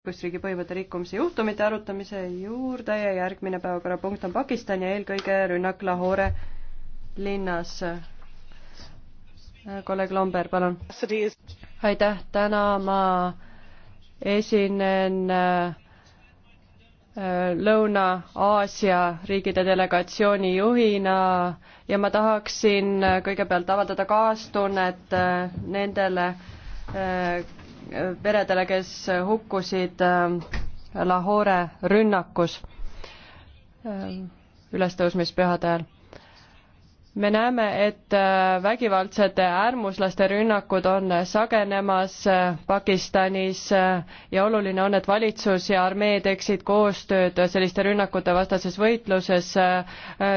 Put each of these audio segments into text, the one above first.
õigusriigi põhimõtte rikkumise juhtumite arutamise juurde ja järgmine päevakorrapunkt on Pakistan ja eelkõige rünnak Lahore linnas. kolleeg Lomber, palun. aitäh, täna ma esinen äh, Lõuna-Aasia riikide delegatsiooni juhina ja ma tahaksin äh, kõigepealt avaldada kaastunnet äh, nendele peredele, kes hukkusid äh, Lahore rünnakus äh, ülestõusmispühade ajal. me näeme, et äh, vägivaldsete äärmuslaste rünnakud on sagenemas Pakistanis ja oluline on, et valitsus ja armee teeksid koostööd selliste rünnakute vastases võitluses.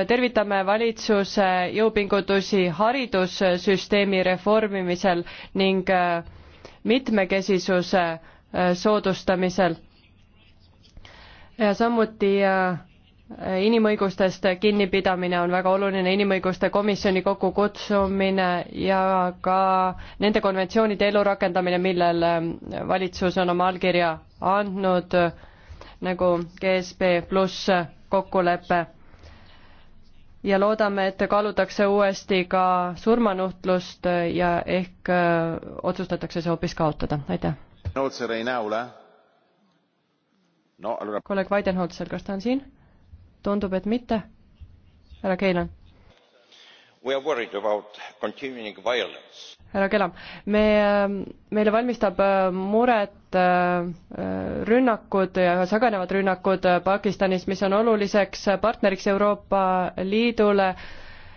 tervitame valitsuse jõupingutusi haridussüsteemi reformimisel ning mitmekesisuse äh, soodustamisel ja samuti äh, inimõigustest kinnipidamine on väga oluline, inimõiguste komisjoni kokkukutsumine ja ka nende konventsioonide ellurakendamine, millele äh, valitsus on oma allkirja andnud, nagu GSB pluss kokkulepe ja loodame, et kaalutakse uuesti ka surmanuhtlust ja ehk äh, otsustatakse see hoopis kaotada, aitäh. kolleeg Weidenholzer, kas ta on siin? tundub, et mitte. härra Keilan härra Kelam, me, meile valmistab äh, muret äh, rünnakud ja üha sagenevad rünnakud äh, Pakistanis, mis on oluliseks partneriks Euroopa Liidule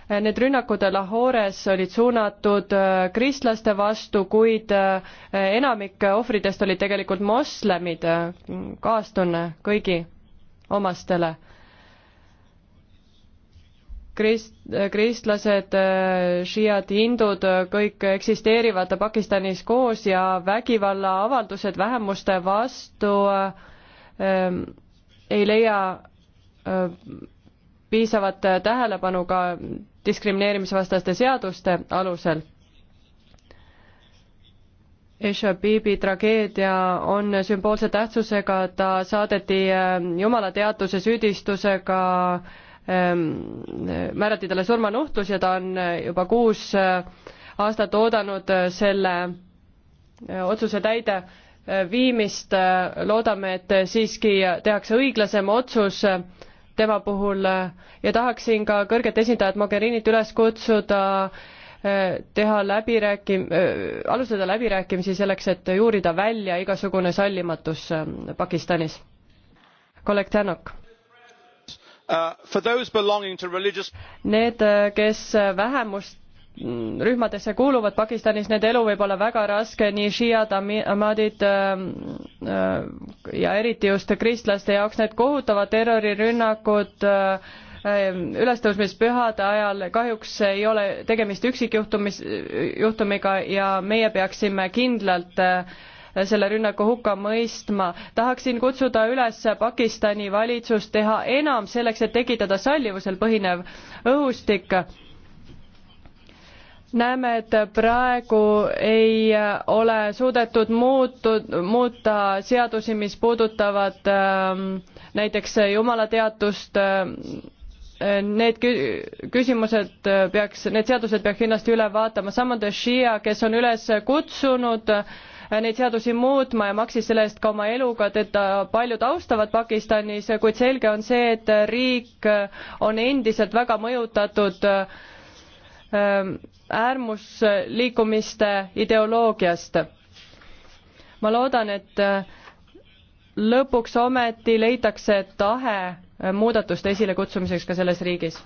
need rünnakud Lahores olid suunatud kristlaste vastu, kuid enamik ohvritest olid tegelikult moslemid, kaastunne kõigi omastele krist-, kristlased, šiiad, hindud, kõik eksisteerivad Pakistanis koos ja vägivallaavaldused vähemuste vastu ähm, ei leia äh, piisavat tähelepanu ka diskrimineerimisvastaste seaduste alusel. Esha Bibi tragöödia on sümboolse tähtsusega, ta saadeti ähm, jumalateaduse süüdistusega äh, Ehm, määrati talle surmanuhtlus ja ta on eh, juba kuus eh, aastat oodanud eh, selle otsuse täide viimist, loodame, et siiski tehakse õiglasem otsus tema puhul ja tahaksin ka kõrget esindajat Mogherinit üles kutsuda teha läbirääkim-, alustada läbirääkimisi selleks, et juurida välja igasugune sallimatus Pakistanis. kolleeg Tänok Uh, need, uh, kes uh, vähemust mm, rühmadesse kuuluvad Pakistanis, nende elu võib olla väga raske, nii šiiad, ahmadid ähm, äh, ja eriti just kristlaste jaoks need kohutavad terrorirünnakud äh, ähm, ülestõusmispühade ajal kahjuks ei ole tegemist üksikjuhtumis, juhtumiga ja meie peaksime kindlalt äh, selle rünnaku hukka mõistma. tahaksin kutsuda üles Pakistani valitsust teha enam selleks, et tekitada sallivusel põhinev õhustik näeme, et praegu ei ole suudetud muutu-, muuta seadusi, mis puudutavad äh, näiteks jumalateadust äh,, need kü-, küsimused peaks, need seadused peaks kindlasti üle vaatama, samuti Shia, kes on üles kutsunud äh, Äh, neid seadusi muutma ja maksis selle eest ka oma eluga, teda äh, paljud austavad Pakistanis, kuid selge on see, et äh, riik on endiselt väga mõjutatud ähm, äärmusliikumiste ideoloogiast. ma loodan, et lõpuks ometi leitakse tahe muudatuste esilekutsumiseks ka selles riigis.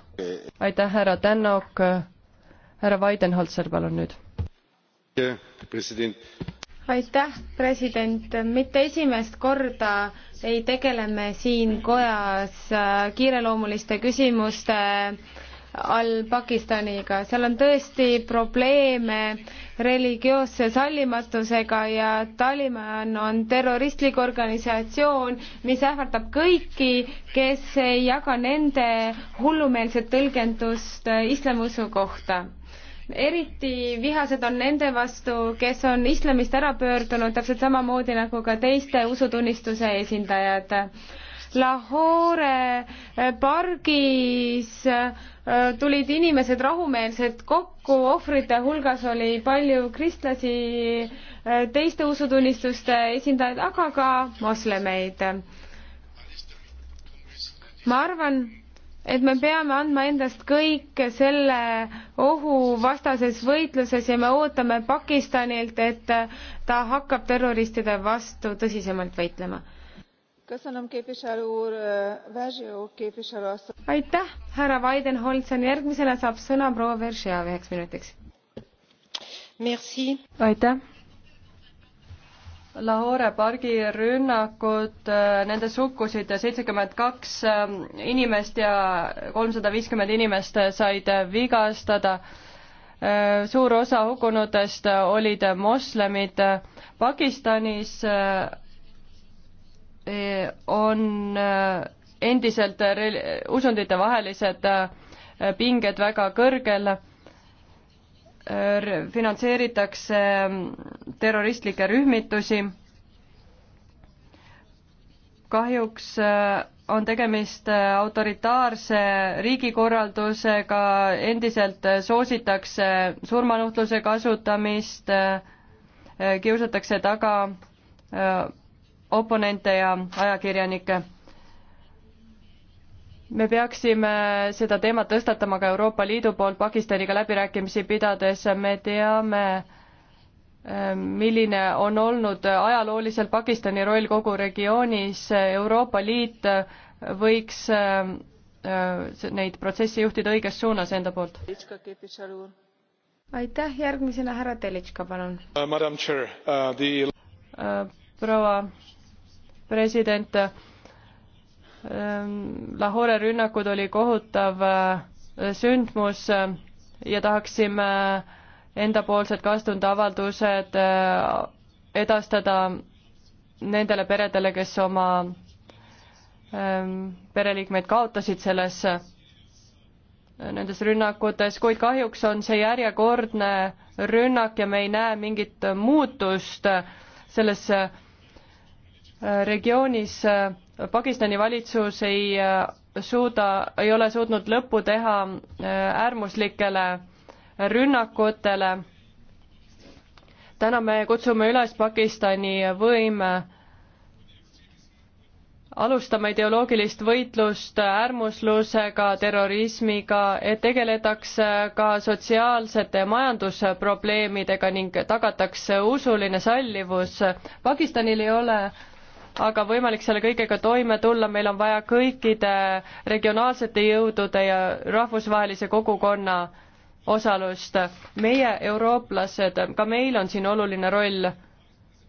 aitäh, härra Tännok. härra Weidenholzer, palun nüüd. president aitäh, president, mitte esimest korda ei tegele me siin kojas äh, kiireloomuliste küsimuste all Pakistaniga, seal on tõesti probleeme religioosse sallimatusega ja Taliban on terroristlik organisatsioon, mis ähvardab kõiki, kes ei jaga nende hullumeelset tõlgendust äh, islamiusu kohta eriti vihased on nende vastu, kes on islamist ära pöördunud, täpselt samamoodi nagu ka teiste usutunnistuse esindajad. Lahore eh, pargis eh, tulid inimesed rahumeelselt kokku, ohvrite hulgas oli palju kristlasi, eh, teiste usutunnistuste esindajaid, aga ka moslemeid. ma arvan, et me peame andma endast kõik selle ohu vastases võitluses ja me ootame Pakistanilt, et ta hakkab terroristide vastu tõsisemalt võitlema. aitäh, härra Weidenholzer, järgmisena saab sõna proua Veržea üheks minutiks. aitäh Lahore pargi rünnakud, äh, nendes hukkusid seitsekümmend kaks äh, inimest ja kolmsada viiskümmend inimest said vigastada. Äh, suur osa hukkunutest olid moslemid. Pakistanis on endiselt usundite vahelised pinged väga kõrgel finantseeritakse terroristlikke rühmitusi. kahjuks äh, on tegemist äh, autoritaarse riigikorraldusega, endiselt äh, soositakse surmanuhtluse kasutamist, kiusatakse taga oponente ja ajakirjanikke me peaksime seda teemat tõstatama ka Euroopa Liidu poolt Pakistaniga läbirääkimisi pidades, me teame, eh, milline on olnud ajalooliselt Pakistani roll kogu regioonis, Euroopa Liit võiks eh, neid protsesse juhtida õiges suunas enda poolt. aitäh, järgmisena härra Telitška, palun uh,. Eh, proua president Ehm, Lahore rünnakud oli kohutav eh, sündmus eh, ja tahaksime eh, endapoolsed kastundavaldused edastada nendele peredele, kes oma ehm, pereliikmeid kaotasid selles, nendes rünnakutes, kuid kahjuks on see järjekordne rünnak ja me ei näe mingit muutust selles regioonis Pakistani valitsus ei äh, suuda, ei ole suutnud lõppu teha äh, äärmuslikele rünnakutele. täna me kutsume üles Pakistani võime alustama ideoloogilist võitlust äärmuslusega, terrorismiga, et tegeletaks ka sotsiaalsete majandusprobleemidega ning tagatakse usuline sallivus. Pakistanil ei ole äh, aga võimalik selle kõigega toime tulla, meil on vaja kõikide regionaalsete jõudude ja rahvusvahelise kogukonna osalust. meie, eurooplased, ka meil on siin oluline roll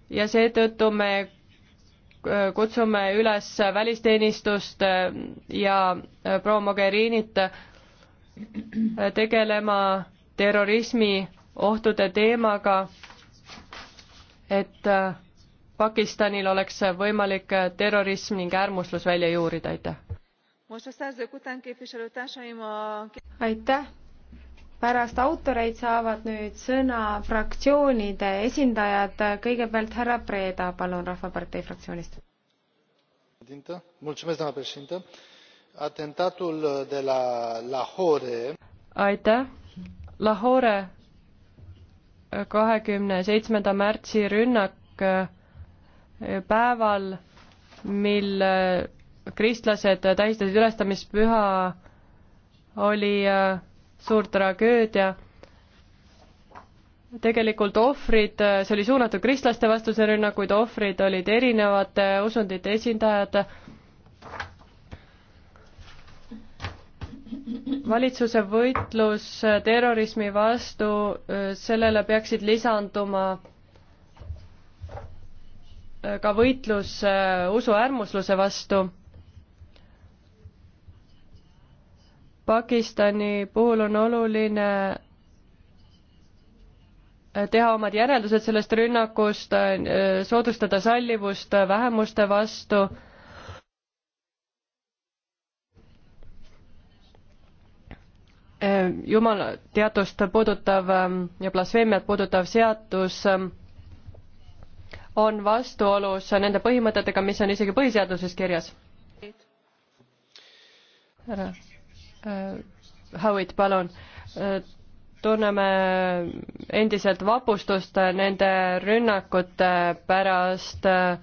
ja seetõttu me äh, kutsume üles välisteenistust äh, ja äh, proua Mogherinit tegelema terrorismi ohtude teemaga, et Pakistanil oleks võimalik terrorism ning äärmuslus välja juurida, aitäh. aitäh. pärast autoreid saavad nüüd sõna fraktsioonide esindajad, kõigepealt härra Preeda, palun, Rahvapartei fraktsioonist. atentatul de la Lahore. aitäh. Lahore kahekümne seitsmenda märtsi rünnak päeval, mil äh, kristlased tähistasid ülestamispüha, oli äh, suur tragöödia. tegelikult ohvrid, äh, see oli suunatud kristlaste vastuse rünnakuid, ohvrid olid erinevate usundite esindajad. valitsuse võitlus terrorismi vastu, sellele peaksid lisanduma ka võitlus äh, usuäärmusluse vastu. Pakistani puhul on oluline äh, teha omad järeldused sellest rünnakust, äh, soodustada sallivust vähemuste vastu. jumala teatust puudutav ähm, ja blasfeemiat puudutav seadus ähm, on vastuolus nende põhimõtetega, mis on isegi põhiseaduses kirjas. härra äh, Howitt, palun. Äh, tunneme endiselt vapustust nende rünnakute pärast äh,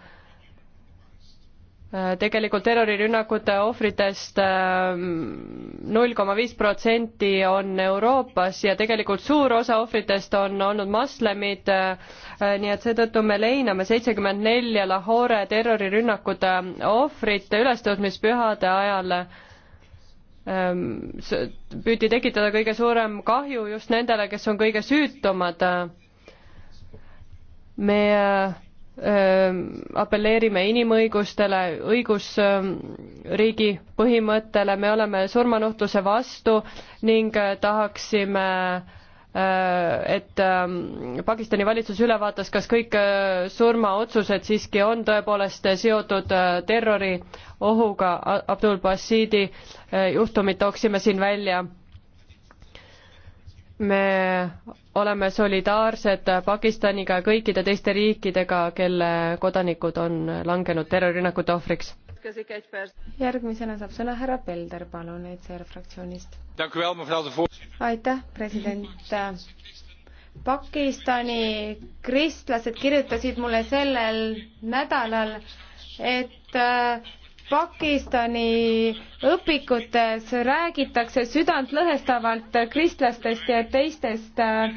Äh, tegelikult terrorirünnakute ohvritest ähm, null koma viis protsenti on Euroopas ja tegelikult suur osa ohvritest on olnud moslemid, äh, äh, nii et seetõttu me leiname seitsekümmend nelja Lahore terrorirünnakute ohvrit ülestõusmispühade ajal ähm, püüdi tekitada kõige suurem kahju just nendele, kes on kõige süütumad. me apelleerime inimõigustele, õigusriigi põhimõttele, me oleme surmanuhtluse vastu ning äh, tahaksime äh, et ähm, Pakistani valitsus üle vaatas, kas kõik äh, surmaotsused siiski on tõepoolest seotud terroriohuga, Abdul Basidi juhtumit tooksime siin välja me oleme solidaarsed Pakistaniga ja kõikide teiste riikidega, kelle kodanikud on langenud terrorirünnakute ohvriks. järgmisena saab sõna härra Pelder, palun, ECR fraktsioonist. aitäh, president. Pakistani kristlased kirjutasid mulle sellel nädalal, et Pakistani õpikutes räägitakse südantlõhestavalt kristlastest ja teistest äh,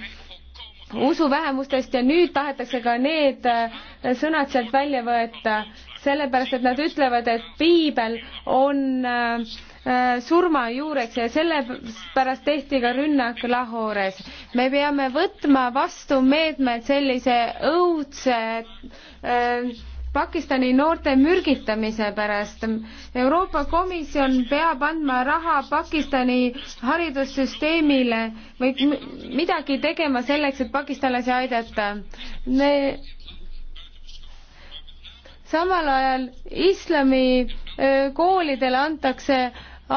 usuvähemustest ja nüüd tahetakse ka need äh, sõnad sealt välja võtta, sellepärast et nad ütlevad, et piibel on äh, surma juureks ja sellepärast tehti ka rünnak Lahores. me peame võtma vastu meetmed sellise õudse äh, Pakistani noorte mürgitamise pärast. Euroopa Komisjon peab andma raha Pakistani haridussüsteemile või midagi tegema selleks, et pakistanlasi aidata. me samal ajal islami koolidele antakse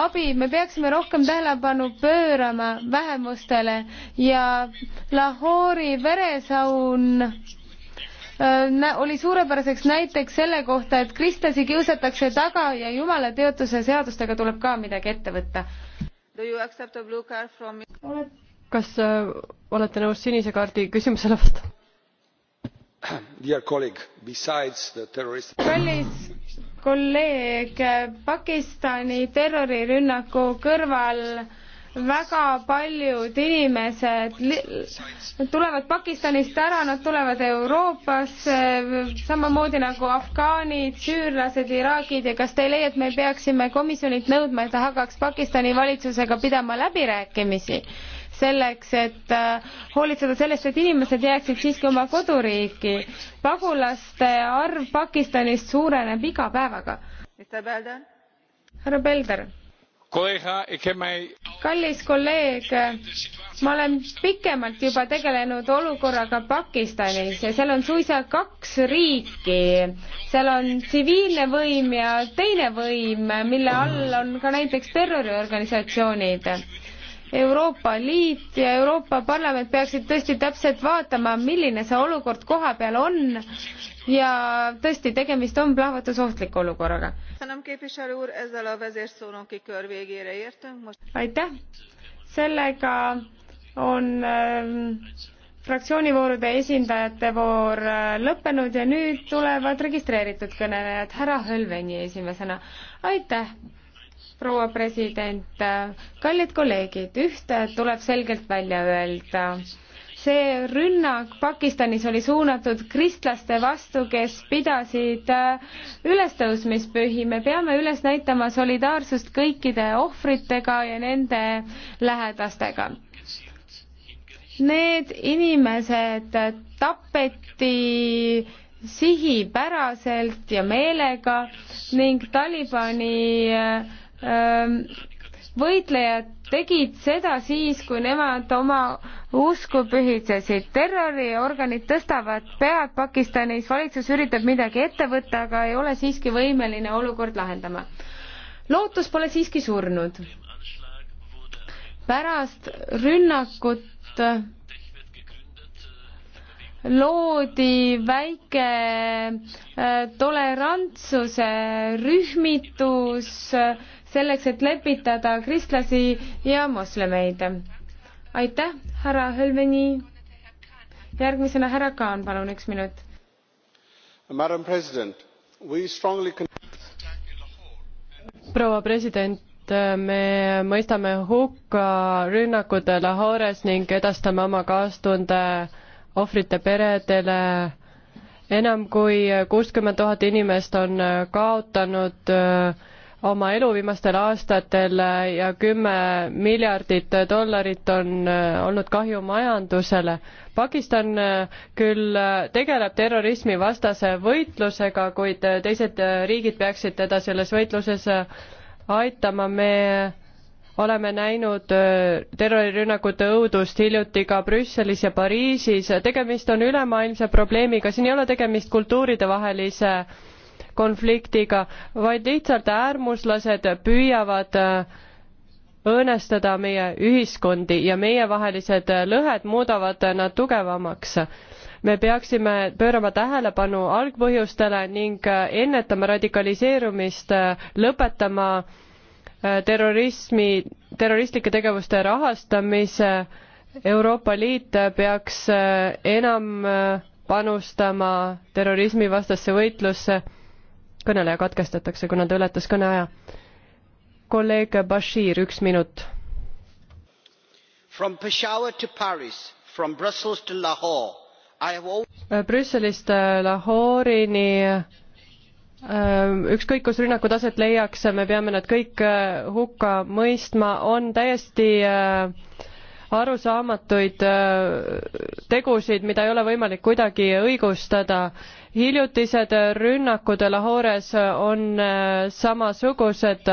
abi, me peaksime rohkem tähelepanu pöörama vähemustele ja Lahori veresaun Äh, oli suurepäraseks näiteks selle kohta, et kristlasi kiusatakse taga ja jumala teotuse seadustega tuleb ka midagi ette võtta. kas äh, olete nõus sinise kaardi küsimusele vastama? kallis kolleeg, Pakistani terrorirünnaku kõrval väga paljud inimesed tulevad Pakistanist ära, nad tulevad Euroopasse, samamoodi nagu afgaanid, süürlased, iraagid ja kas te ei leia, et me peaksime komisjonilt nõudma, et ta hakkaks Pakistani valitsusega pidama läbirääkimisi? selleks, et äh, hoolitseda sellest, et inimesed jääksid siiski oma koduriiki. pagulaste arv Pakistanist suureneb iga päevaga. härra Pelder Eh, kallis kolleeg, ma olen pikemalt juba tegelenud olukorraga Pakistanis ja seal on suisa kaks riiki. seal on tsiviilne võim ja teine võim, mille all on ka näiteks terroriorganisatsioonid Euroopa Liit ja Euroopa Parlament peaksid tõesti täpselt vaatama, milline see olukord koha peal on ja tõesti, tegemist on plahvatusohtliku olukorraga. aitäh, sellega on äh, fraktsioonivoorude esindajate voor äh, lõppenud ja nüüd tulevad registreeritud kõnelejad. härra Hölveni esimesena. aitäh proua president, kallid kolleegid, ühte tuleb selgelt välja öelda. see rünnak Pakistanis oli suunatud kristlaste vastu, kes pidasid äh, ülestõusmispühi. me peame üles näitama solidaarsust kõikide ohvritega ja nende lähedastega. Need inimesed tapeti sihipäraselt ja meelega ning Talibani äh, võitlejad tegid seda siis, kui nemad oma usku pühitsesid. terroriorganid tõstavad pead Pakistanis, valitsus üritab midagi ette võtta, aga ei ole siiski võimeline olukord lahendama. lootus pole siiski surnud. pärast rünnakut loodi väike äh, tolerantsuse rühmitus, selleks, et lepitada kristlasi ja moslemeid. aitäh, härra Hölveni. järgmisena härra Kaan, palun üks minut. proua president, me mõistame hukka rünnakud Lahores ning edastame oma kaastunde ohvrite peredele. enam kui kuuskümmend tuhat inimest on kaotanud äh, oma elu viimastel aastatel ja kümme miljardit dollarit on äh, olnud kahju majandusele. Pakistan äh, küll äh, tegeleb terrorismivastase võitlusega, kuid teised riigid peaksid teda selles võitluses aitama. me oleme näinud terrorirünnakute õudust hiljuti ka Brüsselis ja Pariisis. tegemist on ülemaailmse probleemiga, siin ei ole tegemist kultuuridevahelise konfliktiga, vaid lihtsalt äärmuslased püüavad äh, õõnestada meie ühiskondi ja meievahelised äh, lõhed muudavad äh, nad tugevamaks. me peaksime pöörama tähelepanu algpõhjustele ning ennetama radikaliseerumist, lõpetama terrorismi, terroristlike tegevuste rahastamise. Euroopa Liit peaks enam panustama terrorismivastasse võitlusse kõneleja katkestatakse, kuna ta ületas kõneaja. kolleeg Bashir, üks minut. Äh, Brüsselist äh, Lahorini äh, ükskõik kus rünnakud aset leiaks, me peame nad kõik hukka mõistma, on täiesti arusaamatuid tegusid, mida ei ole võimalik kuidagi õigustada hiljutised rünnakud Lahores on äh, samasugused.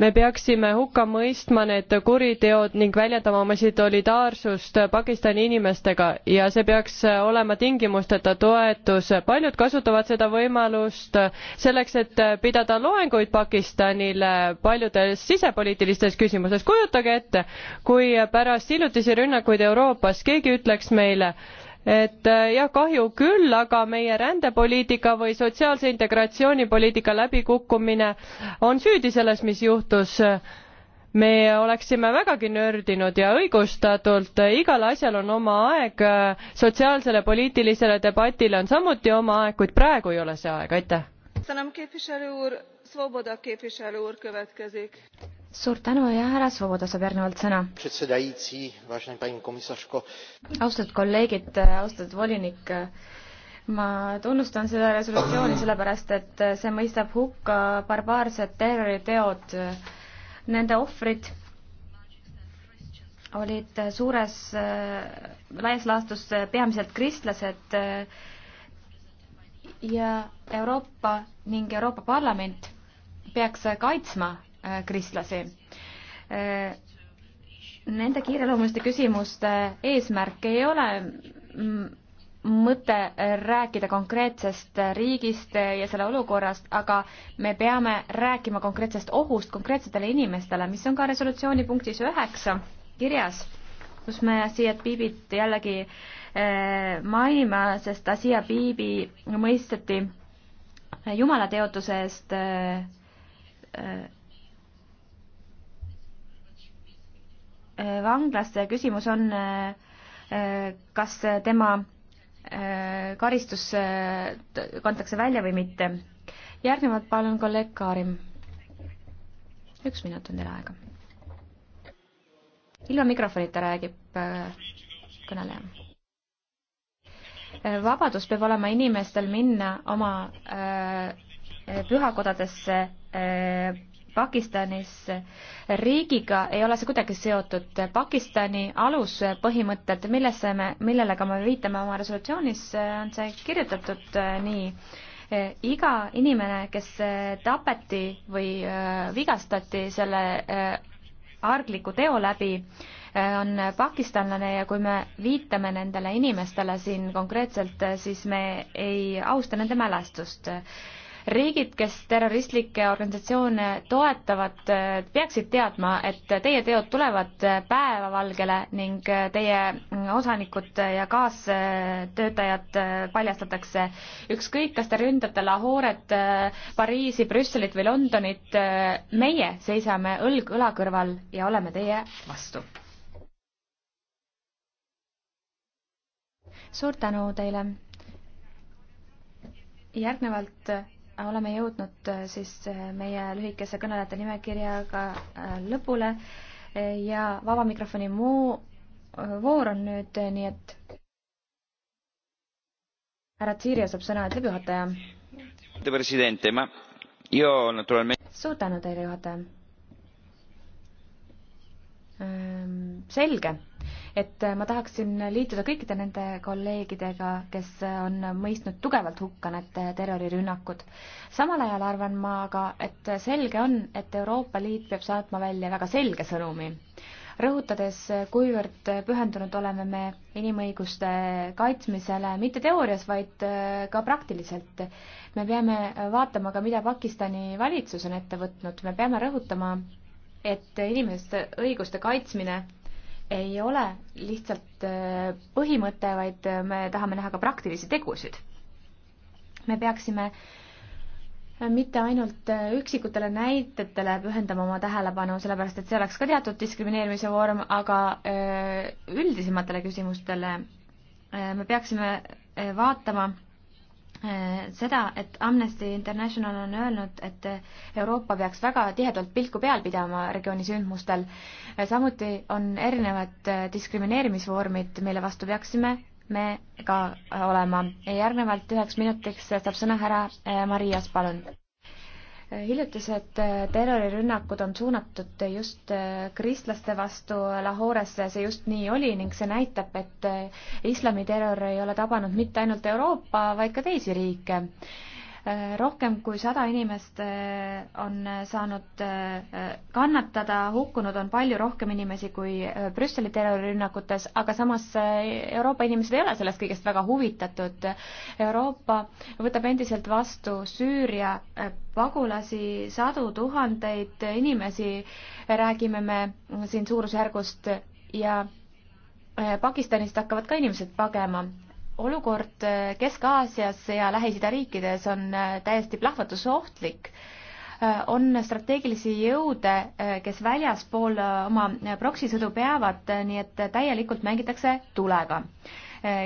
me peaksime hukka mõistma need kuriteod ning väljendama oma solidaarsust Pakistani inimestega ja see peaks äh, olema tingimusteta toetus. paljud kasutavad seda võimalust äh, selleks, et pidada loenguid Pakistanile paljudes sisepoliitilistes küsimustes. kujutage ette, kui pärast hiljutisi rünnakuid Euroopas keegi ütleks meile, et äh, jah, kahju küll, aga meie rändepoliitika või sotsiaalse integratsioonipoliitika läbikukkumine on süüdi selles, mis juhtus me oleksime vägagi nördinud ja õigustatult, igal asjal on oma aeg, sotsiaalsele poliitilisele debatile on samuti oma aeg, kuid praegu ei ole see aeg, aitäh suur tänu ja härra Svoboda saab järgnevalt sõna. austatud kolleegid, austatud volinik, ma tunnustan seda resolutsiooni sellepärast, et see mõistab hukka barbaarsed terroriteod. Nende ohvrid olid suures, laias laastus peamiselt kristlased ja Euroopa ning Euroopa Parlament peaks kaitsma Äh, kristlasi. Äh, nende kiireloomuliste küsimuste eesmärk ei ole mõte rääkida konkreetsest riigist ja selle olukorrast, aga me peame rääkima konkreetsest ohust konkreetsetele inimestele, mis on ka resolutsiooni punktis üheksa kirjas, kus me siia Biibit jällegi äh, mainime, sest ta siia Biibi mõisteti jumalateotuse eest Eh, vanglas, eh, küsimus on, eh, kas tema karistus kantakse välja või mitte. järgnevalt palun kolleeg Kaarim. üks minut on teil aega. ilma mikrofonita räägib kõneleja. vabadus peab olema inimestel minna oma pühakodadesse Pakistanis riigiga ei ole see kuidagi seotud. Pakistani aluspõhimõtted, millesse me, millele ka me viitame oma resolutsioonis, on see kirjutatud äh, nii. iga inimene, kes äh, tapeti või äh, vigastati selle argliku teo läbi, on pakistanlane ja kui me viitame nendele inimestele siin konkreetselt, siis me ei austa nende mälestust riigid, kes terroristlikke organisatsioone toetavad, äh, peaksid teadma, et teie teod tulevad äh, päevavalgele ning äh, teie mm, osanikud ja kaastöötajad paljastatakse. ükskõik, kas te ründate Lahoret, Pariisi, Brüsselit või Londonit, meie seisame õlg õla kõrval ja oleme teie vastu. suur tänu teile järgnevalt oleme jõudnud äh, siis äh, meie lühikese kõnelejate nimekirjaga äh, lõpule ja vaba mikrofoni muu voor on nüüd, nii et härra Tsiirja saab sõna, ütleb juhataja. suur tänu teile, juhataja. Ehm, selge et äh, ma tahaksin liituda kõikide nende kolleegidega, kes on mõistnud tugevalt hukka need äh, terrorirünnakud. samal ajal arvan ma aga, et selge on, et Euroopa Liit peab saatma välja väga selge sõnumi rõhutades, kuivõrd pühendunud oleme me inimõiguste kaitsmisele mitte teoorias, vaid äh, ka praktiliselt. me peame vaatama ka, mida Pakistani valitsus on ette võtnud, me peame rõhutama, et inimeste õiguste kaitsmine ei ole lihtsalt äh, põhimõte, vaid äh, me tahame näha ka praktilisi tegusid. me peaksime äh, mitte ainult üksikutele näitetele pühendama oma tähelepanu, sellepärast et see oleks ka teatud diskrimineerimise vorm, aga üldisematele küsimustele me peaksime vaatama Äh, seda, et Amnesty International on öelnud, et Euroopa peaks väga tihedalt pilku peal pidama regiooni sündmustel. Äh, samuti on erinevad äh, diskrimineerimisvormid, mille vastu peaksime me ka olema. järgnevalt üheks minutiks saab sõna härra Marias, palun hiljutised äh, terrorirünnakud on suunatud just äh, kristlaste vastu Lahores, see just nii oli ning see näitab, et äh, islamiterror ei ole tabanud mitte ainult Euroopa, vaid ka teisi riike Äh, rohkem kui sada inimest äh, on äh, saanud kannatada, hukkunud on palju rohkem inimesi kui Brüsseli terrorirünnakutes, aga samas Euroopa inimesed ei ole sellest kõigest väga huvitatud. Euroopa võtab endiselt vastu Süüria pagulasi, sadu tuhandeid inimesi, räägime me siin suurusjärgust ja Pakistanist hakkavad ka inimesed pagema olukord äh, Kesk-Aasias ja Lähis-Ida riikides on äh, täiesti plahvatusohtlik. Äh, on strateegilisi jõude, kes väljaspool oma proksisõdu peavad, nii et täielikult mängitakse tulega.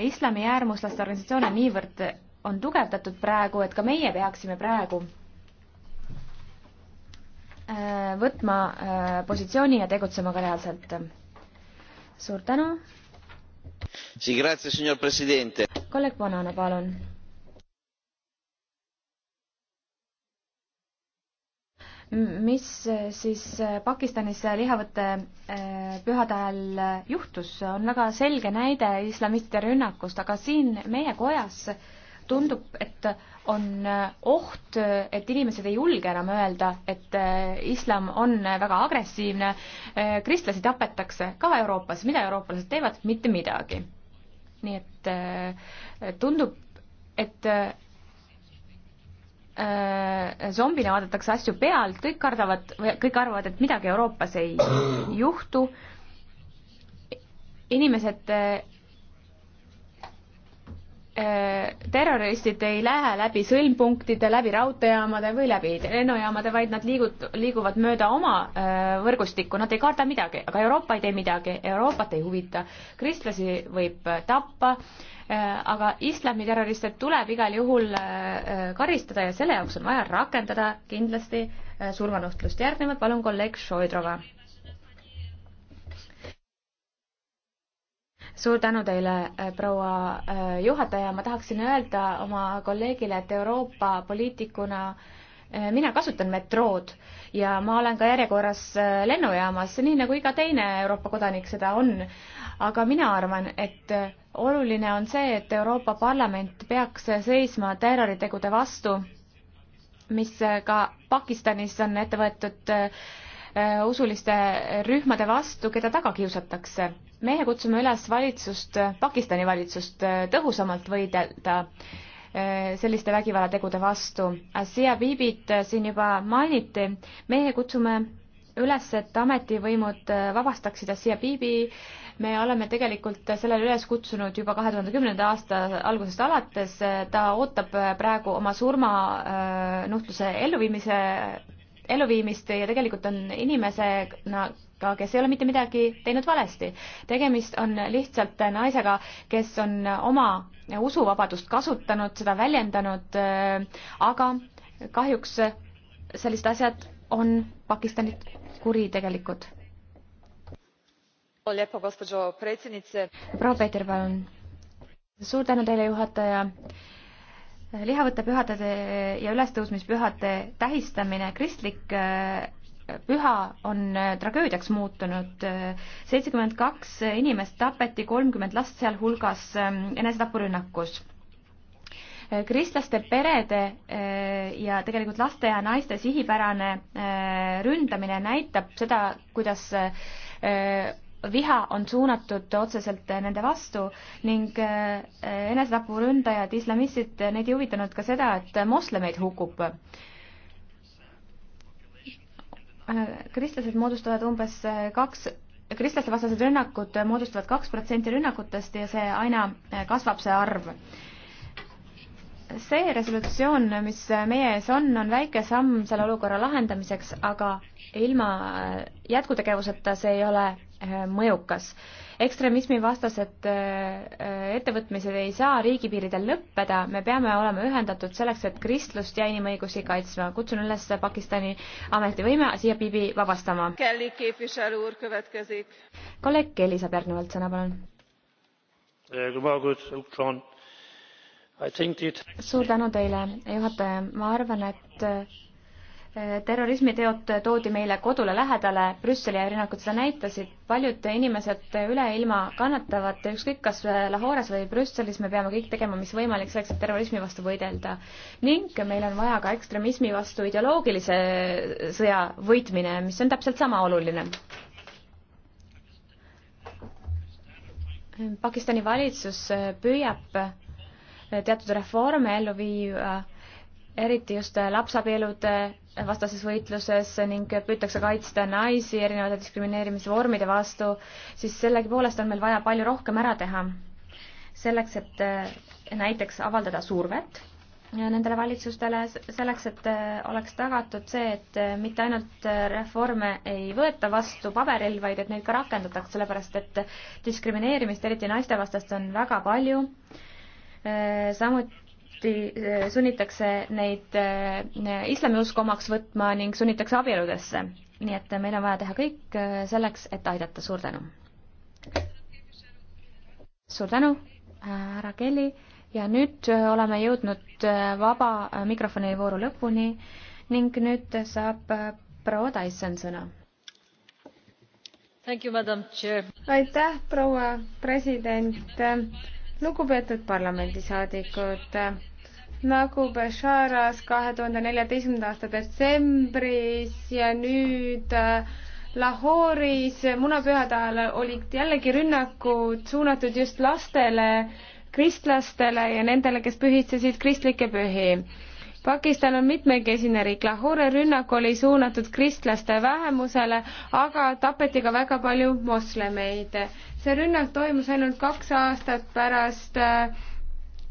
islami äärmuslaste organisatsioone niivõrd on tugevdatud praegu, et ka meie peaksime praegu võtma positsiooni ja tegutsema ka reaalselt. suur tänu! kolleeg Vanane, palun. mis eh, siis eh, Pakistanis lihavõtte eh, pühade ajal juhtus, on väga selge näide islamistide rünnakust, aga siin meie kojas tundub, et on äh, oht, äh, et inimesed ei julge enam öelda, et äh, islam on väga agressiivne, kristlasi tapetakse ka Euroopas, mida eurooplased teevad, mitte midagi. nii et tundub, et zombina vaadatakse asju pealt, kõik kardavad, kõik arvavad, et midagi Euroopas ei juhtu, inimesed Äh, terroristid ei lähe läbi sõlmpunktide, läbi raudteejaamade või läbi lennujaamade, vaid nad liigut-, liiguvad mööda oma äh, võrgustikku, nad ei karda midagi, aga Euroopa ei tee midagi, Euroopat ei huvita. kristlasi võib äh, tappa, aga islamiterroriste tuleb igal juhul karistada ja selle jaoks on vaja rakendada kindlasti surmanuhtlust. järgnevalt palun kolleeg Šoidrova suur tänu teile, äh, proua äh, juhataja, ma tahaksin öelda oma kolleegile, et Euroopa poliitikuna äh, mina kasutan metrood ja ma olen ka järjekorras lennujaamas, nii nagu iga teine Euroopa kodanik seda on. aga mina arvan, et oluline on see, et Euroopa Parlament peaks seisma terroritegude vastu, mis ka Pakistanis on ette võetud usuliste rühmade vastu, keda taga kiusatakse meie kutsume üles valitsust, Pakistani valitsust äh, tõhusamalt võidelda äh, selliste vägivallategude vastu. Asia Biibit äh, siin juba mainiti, meie kutsume üles, et ametivõimud vabastaksid Asia Biibi. me oleme tegelikult sellele üles kutsunud juba kahe tuhande kümnenda aasta algusest alates, ta ootab praegu oma surmanuhtluse elluviimise elluviimist ja tegelikult on inimesena ka, kes ei ole mitte midagi teinud valesti. tegemist on lihtsalt naisega, kes on oma usuvabadust kasutanud, seda väljendanud, aga kahjuks sellised asjad on Pakistanit kuritegelikud. proua Peeter, palun. suur tänu teile, juhataja lihavõttepühade ja ülestõusmispühade tähistamine kristlik äh, püha on äh, tragöödiaks muutunud. seitsekümmend kaks inimest tapeti, kolmkümmend last sealhulgas ähm, enesetapurünnakus. Äh, kristlaste perede ja tegelikult laste ja naiste sihipärane ründamine näitab seda, kuidas viha on suunatud otseselt nende vastu ning äh, enesetapuründajad, islamistid, need ei huvitanud ka seda, et moslemeid hukub. Äh, kristlased moodustavad umbes äh, kaks kristlaste vastased rünnakud moodustavad kaks protsenti rünnakutest ja see aina kasvab, see arv. see resolutsioon, mis meie ees on, on väike samm selle olukorra lahendamiseks, aga ilma jätkutegevuseta see ei ole Äh, mõjukas. ekstremismivastased äh, äh, ettevõtmised ei saa riigipiiridel lõppeda, me peame olema ühendatud selleks, et kristlust ja inimõigusi kaitsma. kutsun üles Pakistani ametivõime siia Bibi vabastama. kolleeg Kelly saab järgnevalt sõna, palun. Eh, suur tänu teile, juhataja, ma arvan, et terrorismiteod toodi meile kodule lähedale, Brüsseli rünnakud seda näitasid, paljud inimesed üle ilma kannatavad, ükskõik kas Lahores või Brüsselis, me peame kõik tegema, mis võimalik selleks, et terrorismi vastu võidelda. ning meil on vaja ka ekstremismi vastu ideoloogilise sõja võitmine, mis on täpselt sama oluline. Pakistani valitsus püüab teatud reforme ellu viia eriti just lapsabielude vastases võitluses ning püütakse kaitsta naisi erinevate diskrimineerimise vormide vastu, siis sellegipoolest on meil vaja palju rohkem ära teha. selleks, et eh, näiteks avaldada survet eh, nendele valitsustele, selleks, et eh, oleks tagatud see, et mitte ainult reforme ei võeta vastu paberil, vaid et neid ka rakendatakse, sellepärast et diskrimineerimist, eriti naistevastast, on väga palju samuti tihti eh, sunnitakse neid eh, islamiusku omaks võtma ning sunnitakse abieludesse. nii et meil on vaja teha kõik eh, selleks, et aidata, suur tänu. suur tänu, härra Kelly ja nüüd oleme jõudnud vaba mikrofoni vooru lõpuni ning nüüd saab proua Tyson sõna. aitäh, proua president lugupeetud parlamendisaadikud! nagu Besharas kahe tuhande neljateistkümnenda aasta detsembris ja nüüd äh, Lahoris munapühade ajal olid jällegi rünnakud suunatud just lastele, kristlastele ja nendele, kes pühitsesid kristlikke pühi. Pakistan on mitmekesine riik, Lahore rünnak oli suunatud kristlaste vähemusele, aga tapeti ka väga palju moslemeid. see rünnak toimus ainult kaks aastat pärast äh,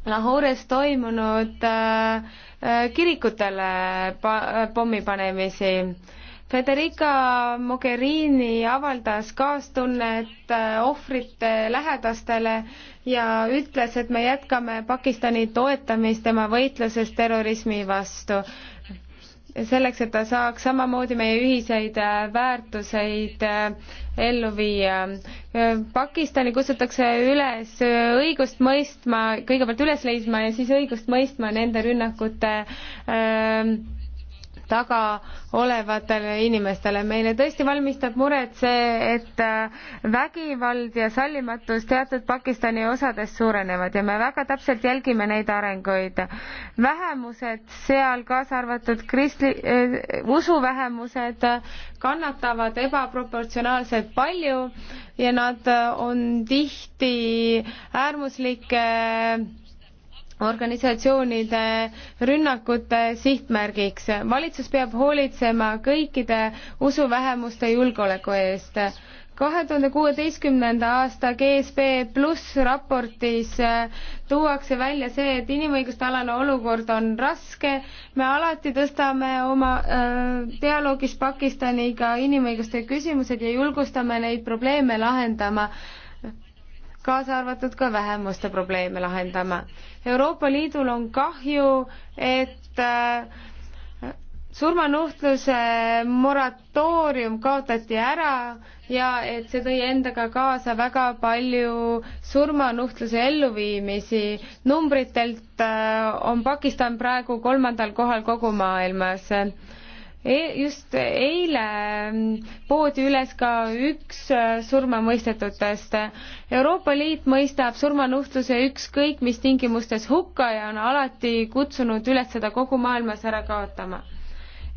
Lahores toimunud äh, äh, kirikutele äh, pommipanemisi. Federica Mogherini avaldas kaastunnet ohvrite lähedastele ja ütles, et me jätkame Pakistani toetamist tema võitluses terrorismi vastu selleks, et ta saaks samamoodi meie ühiseid äh, väärtuseid äh, ellu viia. Äh, Pakistani kutsutakse üles õigust mõistma, kõigepealt üles leidma ja siis õigust mõistma nende rünnakute äh, taga olevatele inimestele. meile tõesti valmistab muret see, et äh, vägivald ja sallimatus teatud Pakistani osades suurenevad ja me väga täpselt jälgime neid arenguid. vähemused seal, kaasa arvatud kristli- äh,, usuvähemused, kannatavad ebaproportsionaalselt palju ja nad äh, on tihti äärmuslike organisatsioonide rünnakute sihtmärgiks. valitsus peab hoolitsema kõikide usuvähemuste julgeoleku eest. kahe tuhande kuueteistkümnenda aasta GSB pluss raportis äh, tuuakse välja see, et inimõiguste alane olukord on raske. me alati tõstame oma äh, dialoogis Pakistaniga inimõiguste küsimused ja julgustame neid probleeme lahendama äh, kaasa arvatud ka vähemuste probleeme lahendama. Euroopa Liidul on kahju, et äh, surmanuhtluse moratoorium kaotati ära ja et see tõi endaga kaasa väga palju surmanuhtluse elluviimisi. numbritelt äh, on Pakistan praegu kolmandal kohal kogu maailmas e just eile mm, poodi üles ka üks äh, surmamõistetutest. Euroopa Liit mõistab surmanuhtluse ükskõik mis tingimustes hukka ja on alati kutsunud üles seda kogu maailmas ära kaotama.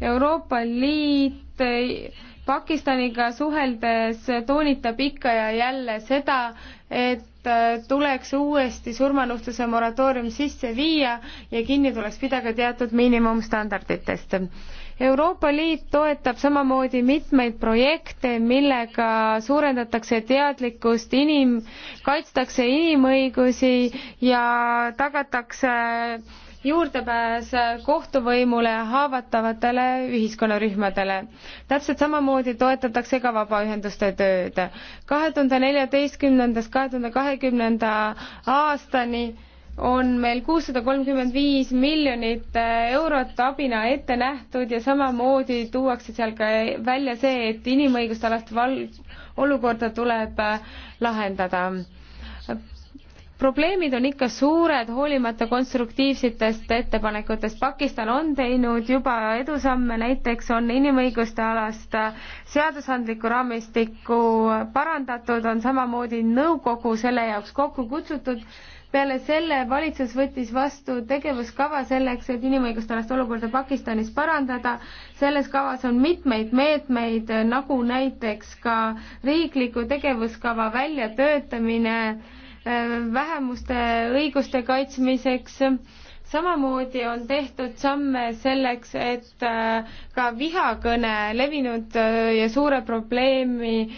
Euroopa Liit äh, Pakistaniga suheldes toonitab ikka ja jälle seda, et äh, tuleks uuesti surmanuhtluse moratoorium sisse viia ja kinni tuleks pidada teatud miinimumstandarditest Euroopa Liit toetab samamoodi mitmeid projekte, millega suurendatakse teadlikkust, inim-, kaitstakse inimõigusi ja tagatakse juurdepääs kohtuvõimule haavatavatele ühiskonnarühmadele. täpselt samamoodi toetatakse ka vabaühenduste tööd. kahe tuhande neljateistkümnendast kahe tuhande kahekümnenda aastani on meil kuussada kolmkümmend viis miljonit äh, eurot abina ette nähtud ja samamoodi tuuakse seal ka välja see, et inimõiguste alast val-, olukorda tuleb äh, lahendada probleemid on ikka suured, hoolimata konstruktiivsetest ettepanekutest. Pakistan on teinud juba edusamme, näiteks on inimõiguste alast äh, seadusandlikku raamistikku parandatud, on samamoodi nõukogu selle jaoks kokku kutsutud peale selle valitsus võttis vastu tegevuskava selleks, et inimõigustalast olukorda Pakistanis parandada. selles kavas on mitmeid meetmeid, nagu näiteks ka riikliku tegevuskava väljatöötamine äh, vähemuste õiguste kaitsmiseks samamoodi on tehtud samme selleks, et äh, ka vihakõne levinud äh, ja suure probleemi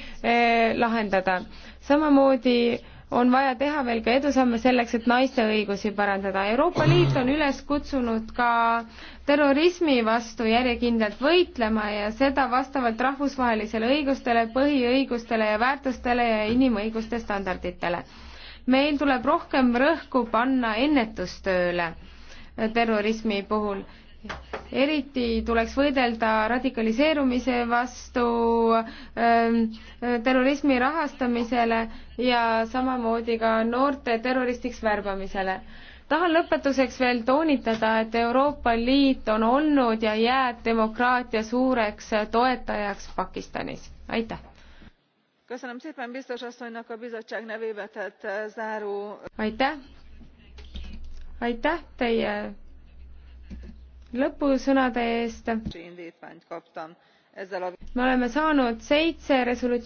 lahendada. samamoodi on vaja teha veel ka edusamme selleks, et naiste õigusi parandada. Euroopa Liit on üles kutsunud ka terrorismi vastu järjekindlalt võitlema ja seda vastavalt rahvusvahelisele õigustele, põhiõigustele ja väärtustele ja inimõiguste standarditele. meil tuleb rohkem rõhku panna ennetustööle terrorismi puhul eriti tuleks võidelda radikaliseerumise vastu ähm,, äh, terrorismi rahastamisele ja samamoodi ka noorte terroristiks värbamisele. tahan lõpetuseks veel toonitada, et Euroopa Liit on olnud ja jääb demokraatia suureks toetajaks Pakistanis. aitäh! Eh, aitäh! aitäh teie lõpusõnade eest. me oleme saanud seitse resolutsiooni.